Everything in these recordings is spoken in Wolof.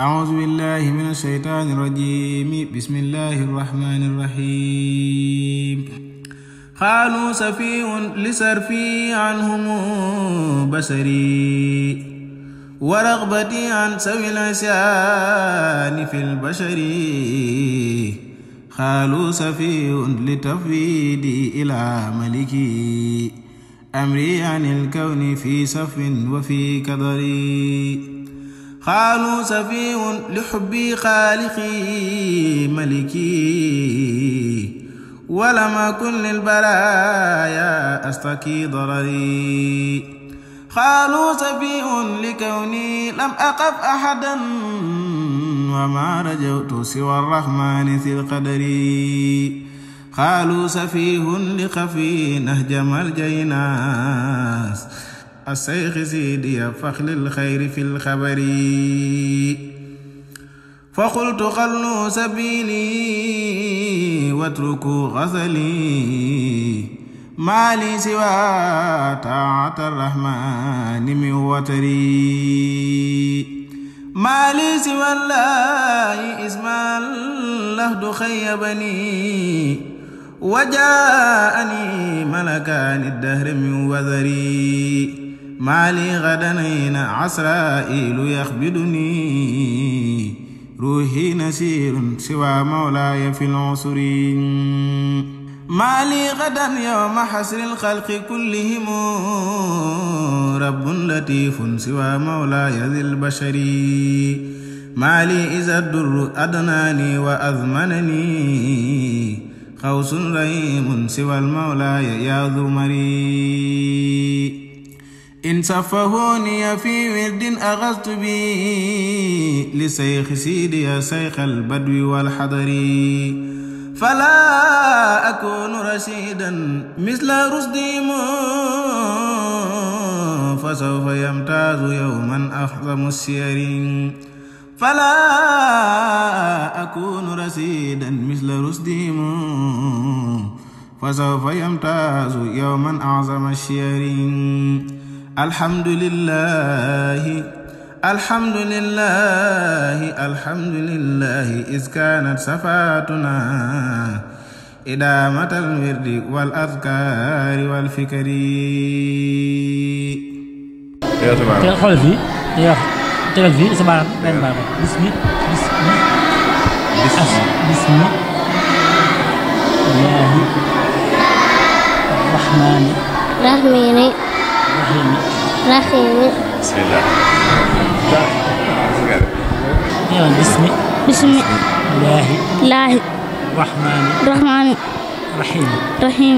أعوذ بالله من الشيطان الرجيم بسم الله الرحمن الرحيم قالوا سفيه لسرفي عنهم بشري ورغبتي عن سوي العصيان في البشر قالوا سفيه لتفويدي إلى ملكي أمري عن الكون في صف وفي كدري قالوا سفيه لحبي خالقي ملكي ولم أكن للبلايا أستكي ضرري قالوا سفيه لكوني لم أقف أحدا وما رجوت سوى الرحمن في القدر قالوا سفيه لخفي نهج ناس الشيخ زيدي فخل الخير في الخبر فقلت خلوا سبيلي واتركوا غزلي ما لي سوى طاعة الرحمن من وتري ما لي سوى الله اسم الله خيبني وجاءني ملكان الدهر من وذري ما لي غدا هنا عسرائيل يخبدني روحي نسير سوى مولاي في العسر ما لي غدا يوم حسر الخلق كلهم رب لطيف سوى مولاي ذي البشر ما لي إذا الدر أدناني وأذمنني خوص رئيم سوى المولاي يا ذو مريم إن صفهوني في ورد أغزت بي لشيخ سيدي يا شيخ البدو والحضر فلا أكون رشيدا مثل رشدهم فسوف يمتاز يوما أحظم السيرين فلا أكون رشيدا مثل رشدهم فسوف يمتاز يوما أعظم الشيرين الحمد لله الحمد لله الحمد لله إذ كانت صفاتنا إدامة الورد والأذكار والفكر تلقى خلف تلقى تلقى في سبعة بين بابا بسمي بسمي بسمي الله الرحمن الرحيم بسم الله يلا باسمي باسمي لاهي لاهي رحمن رحمن رحيم الرحيم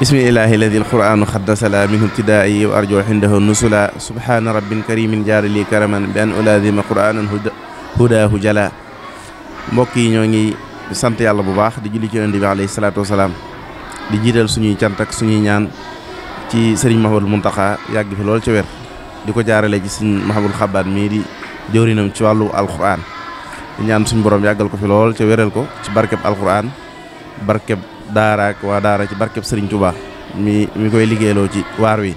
بسم الله الذي القرآن خدس لا منه ابتدائي وأرجو عنده النسلا سبحان رب كريم جار لي كرما بأن ألازم قرآن هداه جلا موكي yi ñoo الله بباخ دي bu baax di julli ci yonent di jiital suñuy cant suñuy ñaan ci sëriñ Mahamadul Muntaxa yàgg fi lool ci wér di ko jaarale ci sëriñ Mahamadul Xabbaan mii di jëwrinam ci wàllu alquran di ñaan suñu borom yàggal ko fi lool ca wéral ko ci barkeb alquran barkeb daaraak ak waa daara ci barkeb sëriñ Tuubaa mii mi koy liggéeyloo ci waar wi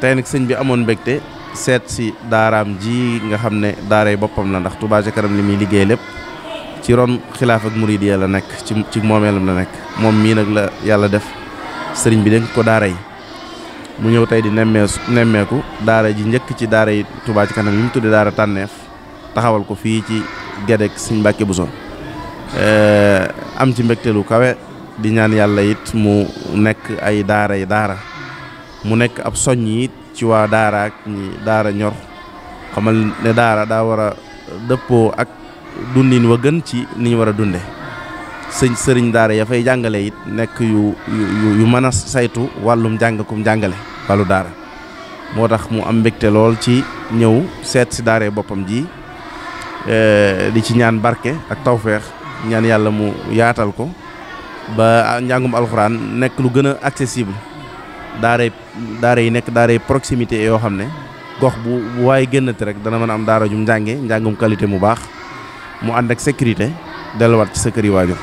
tey nag sëñ bi amoon mbégte seet si daaraam ji nga xam ne daaray boppam la ndax Touba ca kanam li muy liggéey lépp ci ron xilaaf ak muridiya la nekk ci ci moomeelam la nekk moom mii nag la yàlla def sëriñ bi dénk ko daara yi mu ñëw tey di nemmeesu nemmeeku daara ji njëkk ci daara yi tubaaj ci kanam yi mu tudde daara tànneef taxawal ko fii ci gedek Sëriñ Mbàkke Buso eh, am ci mbégteelu kawe di ñaan yàlla yit mu nekk ay daara yi daara mu nekk ab soññ it ci waa daara ak ñi daara ñor xamal ne daara daa war dëppoo ak dundin wa gën ci ni war a dunde sëñ sëriñ daara yafay fay jàngale it nekk yu yu yu mën a saytu wàllum jàngakum kum jàngale wàllu daara moo tax mu am mbégte lool ci ñëw seet si daara boppam ji e, di ci ñaan barke ak tawfeex ñaan yàlla mu yaatal ko ba njàngum alxuraan nekk lu gën a accessible daara yi nekk daara proximité yoo xam ne gox bu bu waaye génnati rek dana mën a am daara jum njànge njàngum qualité mu baax mu ànd ak sécurité delluwaat ci sa kër yi waajur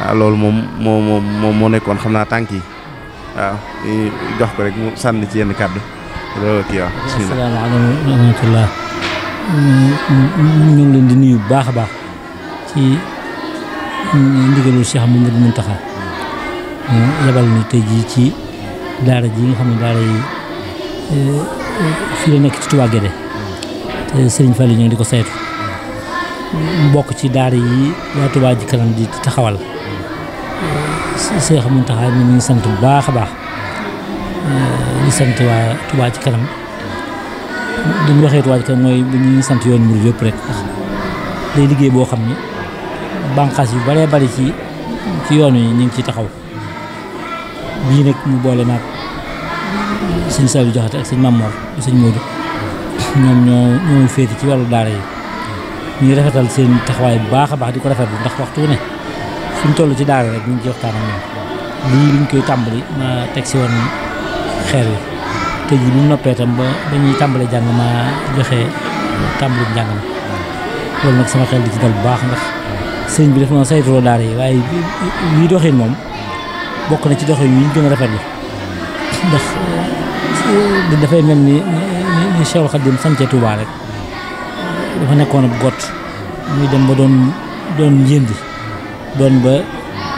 waaw loolu moom moo moo moo nekkoon xam naa tànk yi waaw jox ko rek mu sànni ci yenn kàddu loolu kii waaw bismillah asalaamaaleykum wa rahmatullah ñu ngi leen di nuyu baax a baax ci ndigalu Cheikh Mamadou Mountakha yabal ni tey jii ci daara ji nga xam ne daara yi eh, eh, fii la nekk ci Touba Guédé te Serigne Fallou ñu ngi di ko saytu bokk ci daara yi waa Touba ji kanam di taxawal Cheikh Mountakha ñu ngi sant bu baax a baax di sant waa Touba ci kanam li ñu waxee Touba ci kanam sant yoon murid yëpp rek day liggéey boo xam ni bànqaas yu baree bari ci ci yoon yi ñu ngi ciy taxaw bii nag mu boole naag sëñ Saliou Diakhaté ak sëñ Mamor sëñ Modou ñoom ñoo ñoo ci wàllu daara yi. ñuy rafetal seen taxawaay bu baax a baax di ko rafetlu ndax waxtu ne suñ toll ci daara rek ñu ngi ci waxtaan koy tàmbali teg si woon xeer yi te ji bu noppee ba dañuy tàmbale jàng ma joxe tàmbali loolu nag sama xel di ci dal bu baax ndax sëñ bi def na saytuloo daara yi waaye lii doxin moom bokk na ci doxin yi ñu gën a rafetlu ndax eh, dafay mel ni ni Cheikh Khadim sance Touba rek dafa nekkoon ab gott muy dem ba doon doon njënd doon ba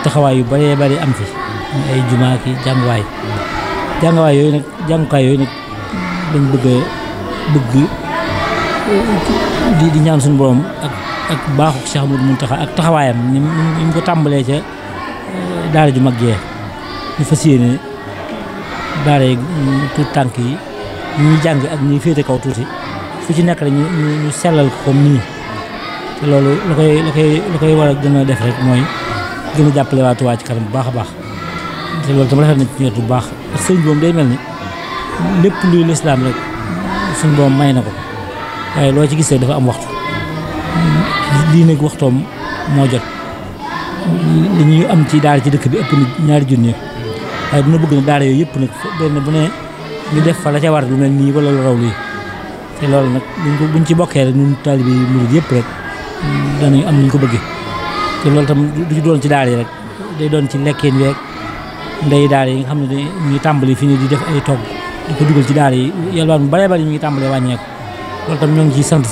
taxawaay yu baree bëri am fi muy ay jumaa ki jànguwaay jànguwaay yooyu nag jàngukaay yooyu nag dañ bëgg a bëgg di di ñaan suñu borom ak ak baaxu Cheikh Amadou Mountakha ak taxawaayam ni mu ko tàmbalee ca eh, daara ju mag jee ñu fas yéene daara yi mm, tuut tànk yi ñuy jàng ak ñuy féete kaw tuuti ku ci nekk rek ñu ñu sellal ko nii te loolu la koy la koy la koy war a gën a def rek mooy gën a jàppale waa Touba ci kanam bu baax a baax te loolu tam rafet na ci ñett bu baax sëñ boom day mel ni lépp luy lislaam rek suñ boom may na ko waaye loo ci gisee dafa am waxtu diine nag waxtoom moo jot li ñuy am ci daara ci dëkk bi ëpp na ñaari junni waaye dina bëgg na yëpp bu ne ñu def ca war lu mel nii wala lu te loolu nag buñ ko buñ ci bokkee rek ñun taalibe yëpp rek danañ am nuñ ko bëggee te loolu tam du ci ci daal yi rek day doon ci lekkeen week ndey daal yi nga xam ne ñuy tàmbali fi ne di def ay togg di ko dugal ci daal yi yalwaan bu bare bari ñu ngi tàmbalee wàññeeku loolu tam ñoo ngi ciy sant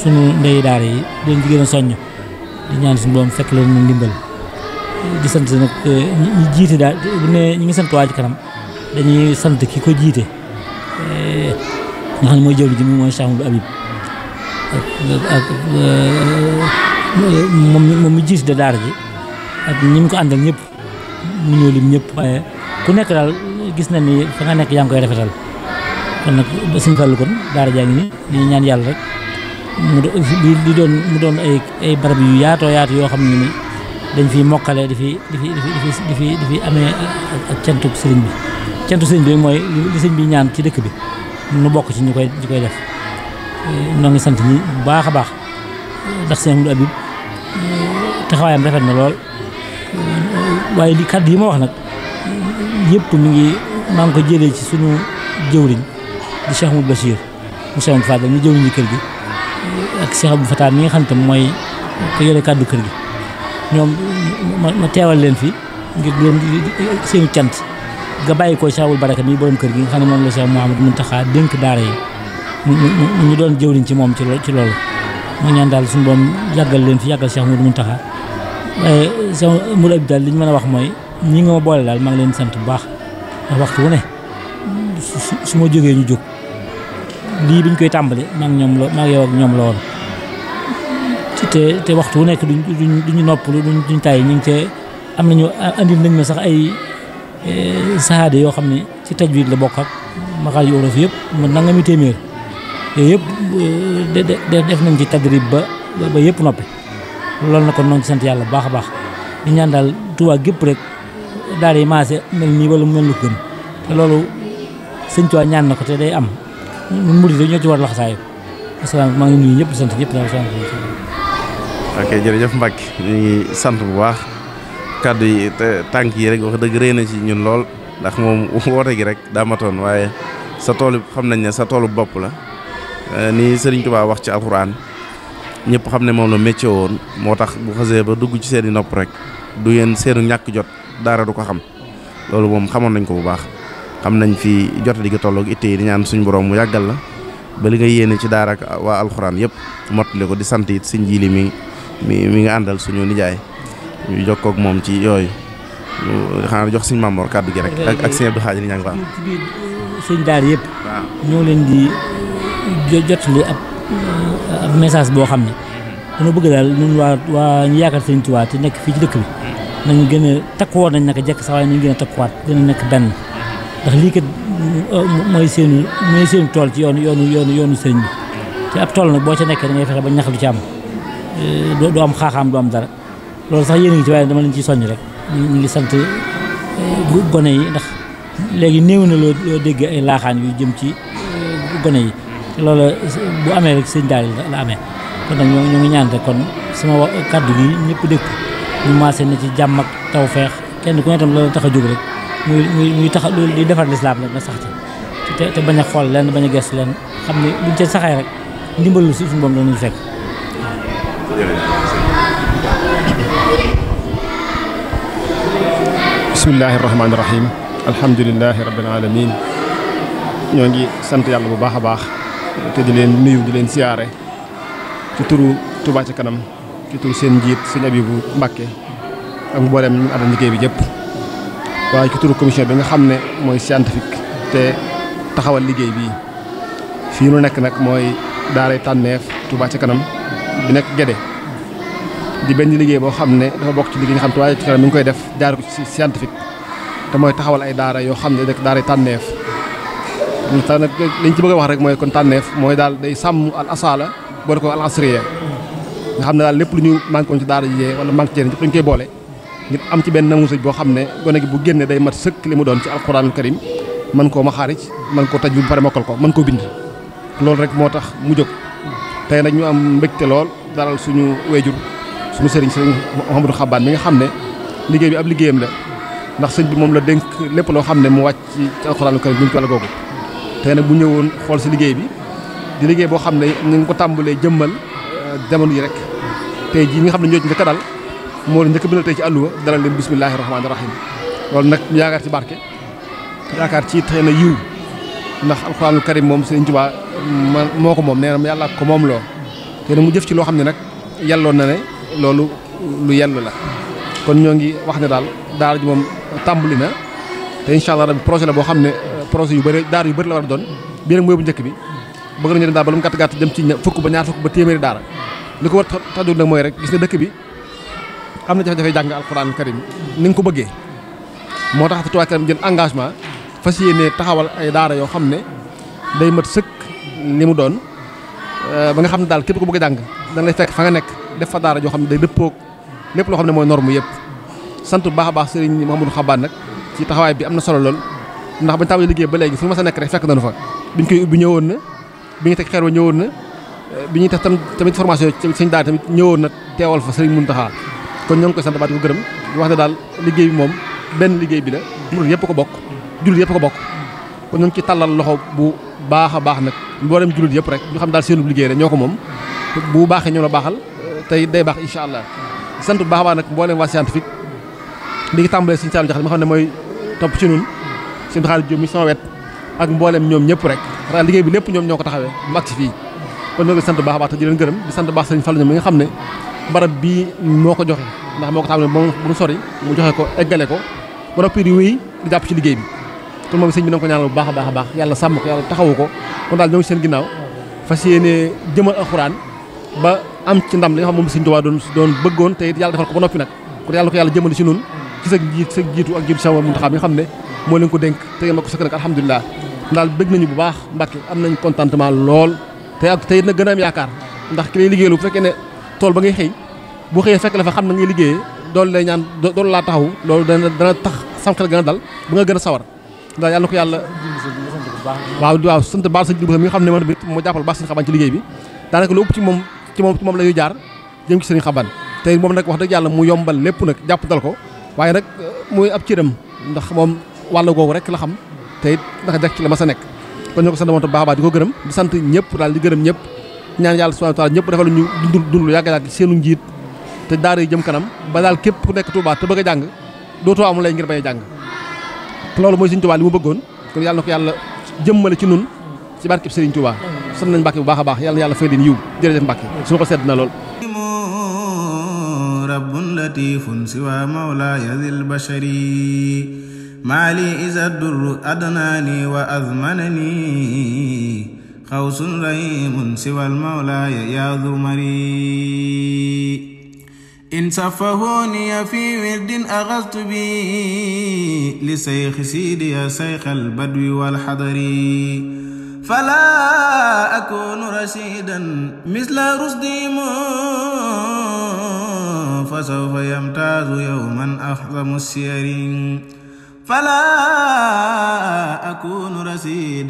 suñu ndey daal yi dañ ci gën a soññ di ñaan suñu boom fekk leen ndimbal di sant nag eh, ñi jiite daal bu ñu ngi sant waa ci kanam dañuy sant ki ko jiite eh, nga xam ne mooy jëwri ji mooy Cheikh mo Habib ak moom moom mi jiis de daara ji ak ñi ko andal ñëpp mu ñëw lim ñëpp waaye ku nekk dal gis na ni fa nga nekk yang koy rafetal kon nag ba suñu fàllu kon daara jaa ni ñaan yàlla rek mu di doon mu doon ay ay barab yu yaatoo yaatu yo xam ni dañ fi mokkale di fi di fi di fi di fi di fi amé ak cantuk serigne bi cantu serigne bi moy li serigne bi ñaan ci dëkk bi nu bokk ci ñu koy ñu def eh, noo ngi sant ñi bu baax a baax eh, ndax seen Abdou Habib eh, taxawaayam rafet na lool waaye di kàddu yi ma wax nag yëpp mi ngi maa ngi ko jëlee ci sunu jëwriñ di Cheikh Moudou Bachir mu Cheikh Moudou Fadal mi jëwriñ kër gi ak Cheikh Abdou Fatah mi nga xam tam mooy ko yore kàddu kër gi ñoom ma teewal leen fi ngir leen seenu cant nga bàyyi ko Cheikhul Baraka mi borom kër gi nga xam ne moom la Cheikh Mouhamadou ci moom ci ci loolu mu ñaan daal suñu boom yàggal leen fi yàggal Cheikh Mouhamadou Mountakha waaye Cheikh Moudou Abib daal li mooy ñi nga ma boole daal maa ngi leen sant bu baax ndax waxtu wu ne su ma jógee ñu jóg lii biñ koy tàmbali maa ngi ñoom la maa ngi yow ak ñoom la woon te waxtu wu nekk duñ duñ duñu noppalu duñ duñ tàyyi ñu ngi cee am nañu andi nañ ma sax ay sahaade yoo xam ne ci tajwid la bokk ak maxaar yu olof yëpp mu nangami téeméer yooyu de def nañ ci tadrib ba ba yep noppi loolu na kon noonu ci sant yàlla baax a baax di ñaan daal tubaa gépp rek daal yi maase mel nii wala mu mel lu gën te loolu sëñ tubaa ñaan na ko te day am ñun murid ñoo ci war laxasaayu asalaam maa ngi nuyu ñëpp sant ñëpp daal sant ok jërëjëf Mbacke ñu ngi sant bu baax kàddu yi tànk yi rek wax dëgg rëy ci ñun lool ndax moom woote gi rek daa matoon waaye sa toolu xam nañ ne sa toolu bopp la euh, ni Serigne Touba wax ci alxuraan ñëpp xam ne moom la métier woon moo tax bu xasee ba dugg ci seen i nopp rek du yéen seenu ñàkk jot dara du ko xam loolu moom xamoon nañ ko bu baax xam nañ fi jot di ko tolloog itte yi di ñaan suñu borom mu yàggal la ba li nga yéene ci daara ak waa alxuraan yëpp mottali ko di sant it si jiili mi mi mi nga àndal suñu nijaay. ñu jokkoo ak moom ci yooyu xanaa jox suñu Maam kàddu gi rek. ak ak sëñ Abdou Khadir Niang Fall. ci biir euh, sëñ yëpp. ñoo leen di jotali ab euh, ab message boo xam ne dañoo bëgg daal ñun waa waa ñu yaakaar sëñ nekk fii ci dëkk bi nañu gën a takkuwoon nañ naka jekk sax waaye nañu gën a takkuwaat gën a nekk benn ndax lii kat euh, mooy seen mooy seen tool ci yoonu yoonu yoonu yoonu sëriñ bi te ab tool nag boo ca nekkee da fexe ba ñax du ci am doo am xaaxaam doo am dara. loolu sax yéen ngi ci waaye dama leen ciy soññ rek ñu ngi sant eh, gone yi ndax léegi néew na loo loo dégg ay laaxaan yu jëm ci eh, gone yi te loolu bu amee rek sëñ daal la amee kon nag ñoo ngi ñaan rek kon sama kàddu gi ñëpp dégg ñu maasee na ci jàmm ak tawfeex kenn ku ne tam loolu tax a jóg rek muy muy muy tax loolu di defar lislaam rek nga sax ci te te bañ a xool lenn bañ a gëstu lenn xam ne buñ ca saxee rek ndimbalu si suñu boom danañu fekk. bismillaahi rahmaani rahiim alhamdulillaahi rabbil aalamiin ñoo ngi sant yàlla bu baax a baax te di leen nuyu di leen siyaare ci turu Touba ci Kanam ci turu seen njiit sëñ bu Mbàkke ak mboolem ñu àndal liggéey bi yëpp waaye ci turu commission bi nga xam ne mooy scientifique te taxawal liggéey bii fii nu nekk nag mooy daaray tànneef Touba ci Kanam bi nekk Gédé di benn liggéey boo xam ne dafa bokk ci liggéey nga xam Touba ci kanam mi ngi koy def jaar ko ci scientifique te mooy taxawal ay daara yoo xam ne rek daara tànneef te nag liñ ci bëgg a wax rek mooy kon tànneef mooy daal day sàmm al asala boole ko al asriya nga xam ne daal lépp lu ñu manqué woon ci daara jiyee wala manqué ceen ñu koy boole ngir am ci benn nangu sëj boo xam ne gone gi bu génne day mat sëkk li mu doon ci alquran karim man koo ma xaarij man ko taj bu pare mokkal ko man koo bind loolu rek moo tax mu jóg tey nag ñu am mbégte lool dalal suñu wéjur suñu sëriñ sëriñ Mouhamadou Xabaan mi nga xam ne liggéey bi ab liggéeyam la ndax sëñ bi moom la dénk lépp loo xam ne mu wàcc ci alxuraanu karim bi ñu ci wàll googu tey nag bu ñëwoon xool si liggéey bi di liggéey boo xam ne ñu ko tàmbalee jëmmal euh, jamono yi rek tey jii nga xam ne ñoo ci njëkk a moo njëkk bindal tey ci àlluwa dalal leen bismillahi rahmaani rahim loolu nag yaakaar ci barke yaakaar ci xëy na yiw ndax alxuraanu karim moom sëriñ Tuubaa moo ko moom nee na yàlla ko moom loo te nag mu jëf ci loo xam ne nag yàlla yàlloon na ne lolu lu yenn la kon ñoo ngi wax ne daal daara ji moom tàmbali na te inshallah rabbi projet la boo xam ne euh, projet yu bëri daara yu bëri la war doon bi rek mooy bu njëkk bi bëgg nañu ne daal ba lu mu gàtt gàtt dem ci fukk ba ñaar fukk ba téeméeri daara li ko war a nag mooy rek gis ne dëkk bi am na jafe-jafe jàng karim ni nga ko bëggee moo tax Touba karim jël engagement fas yéene taxawal ay daara yoo xam ne day mat sëkk li mu doon euh, ba nga xam ne daal képp ku bëgg jàng dana lay fekk fa nga nekk. def fa daara joo xam ne day dëppoog lépp loo xam ne mooy norme yëpp sant bu baax a baax sëriñ Mamadou Xabaan nag ci taxawaay bi am na solo lool ndax bañ tàmbalee liggéey ba léegi fu ñu mas a nekk rek fekk nañu fa biñ koy ubbi ñëwoon na bi ñu teg xeer ñëwoon na bi ñuy tax tamit formation yi sëñ daara tamit ñëwoon na teewal fa sëriñ Muntaxa kon ñoo ngi koy sant ba di ko gërëm di wax ne daal liggéey bi moom benn liggéey bi la jullit yëpp ko bokk jullit yëpp ko bokk kon ñoo ngi ci tàllal loxo bu baax a baax nag mboolem jullit yëpp rek ñu xam daal seenub liggéey rek ñoo ko moom bu baaxee ñoo la baaxal tey day baax incha allah sant bu baax a baax nag mboolem waa scientifique di ngi tàmbalee suñu saalu jax mi nga xam ne mooy topp ci ñun suñu xaalis Jóob mi sama wet ak mboolem ñoom ñëpp rek daal liggéey bi lépp ñoom ñoo ko taxawee mu agsi fii kon ñoo ngi sant baax a baax te di leen gërëm di sant baax sëriñ Fallu ñoom mi nga xam ne barab bii moo ko joxe ndax moo ko taxawee ba mu sori mu joxe ko eggale ko ba noppi di wéy di jàpp ci liggéey bi kon moom a a am ci ndam li nga xam moom Sëriñ Tuubaa doon doon bëggoon te it yàlla defal ko ba noppi nag kon yàlla ko si nun ci sa jiit ak jiitu sama Muntaxa mi nga xam ne moo leen ko dénk te ngeen ma am nañ contentement lool te ak te gën a am yaakaar ndax ki lay liggéeylu bu fekkee ne tool ba ngay xëy bu xëyee fekk la fa xam na ngay liggéeyee doolu lay ñaan doolu laa taxaw loolu dana dana tax sam xel gën a dal ba nga gën a sawar ndax yàlla na ko yàlla waaw waaw sant baax sëñ bi nga xam ne moo jàppal baax seen ci moom ci moom la ñuy jaar jëm ci sëriñ xaban tey moom nag wax dëgg yàlla mu yombal lépp nag jàppandal ko waaye nag euh, muy ab cëram ndax moom wàll googu rek la xam te ndax jag ci la ma sa nekk kon ñu ko sant moom tam baax baax di ko gërëm di sant ñëpp daal di gërëm ñëpp ñaan yàlla subhanahu wa taala ñëpp defal ñu dund dund lu yàgg di seenu njiit te daara yi jëm kanam ba daal képp ku nekk Touba te bëgg a jàng dootoo amul lay ngir bañ a jàng loolu mooy Sëriñ Touba li mu bëggoon kon yàlla na yàlla jëmmale ci nun ci barkeb Sëriñ sant nañ Mbàkke bu baax baax yàlla yàlla fay leen yiw jërëjëf Mbàkke suñu ko sedd na lool رب لطيف سوى مولاي ذي البشر ما لي إذا الدر أدناني وأذمنني خوس ريم سوى يا إن صفهوني في ورد أغزت بي لسيخ سيدي يا سيخ البدو والحضري فلا أكون رشيدا مثل رشدي فسوف يمتاز يوما أحظم السيرين فلا أكون رشيدا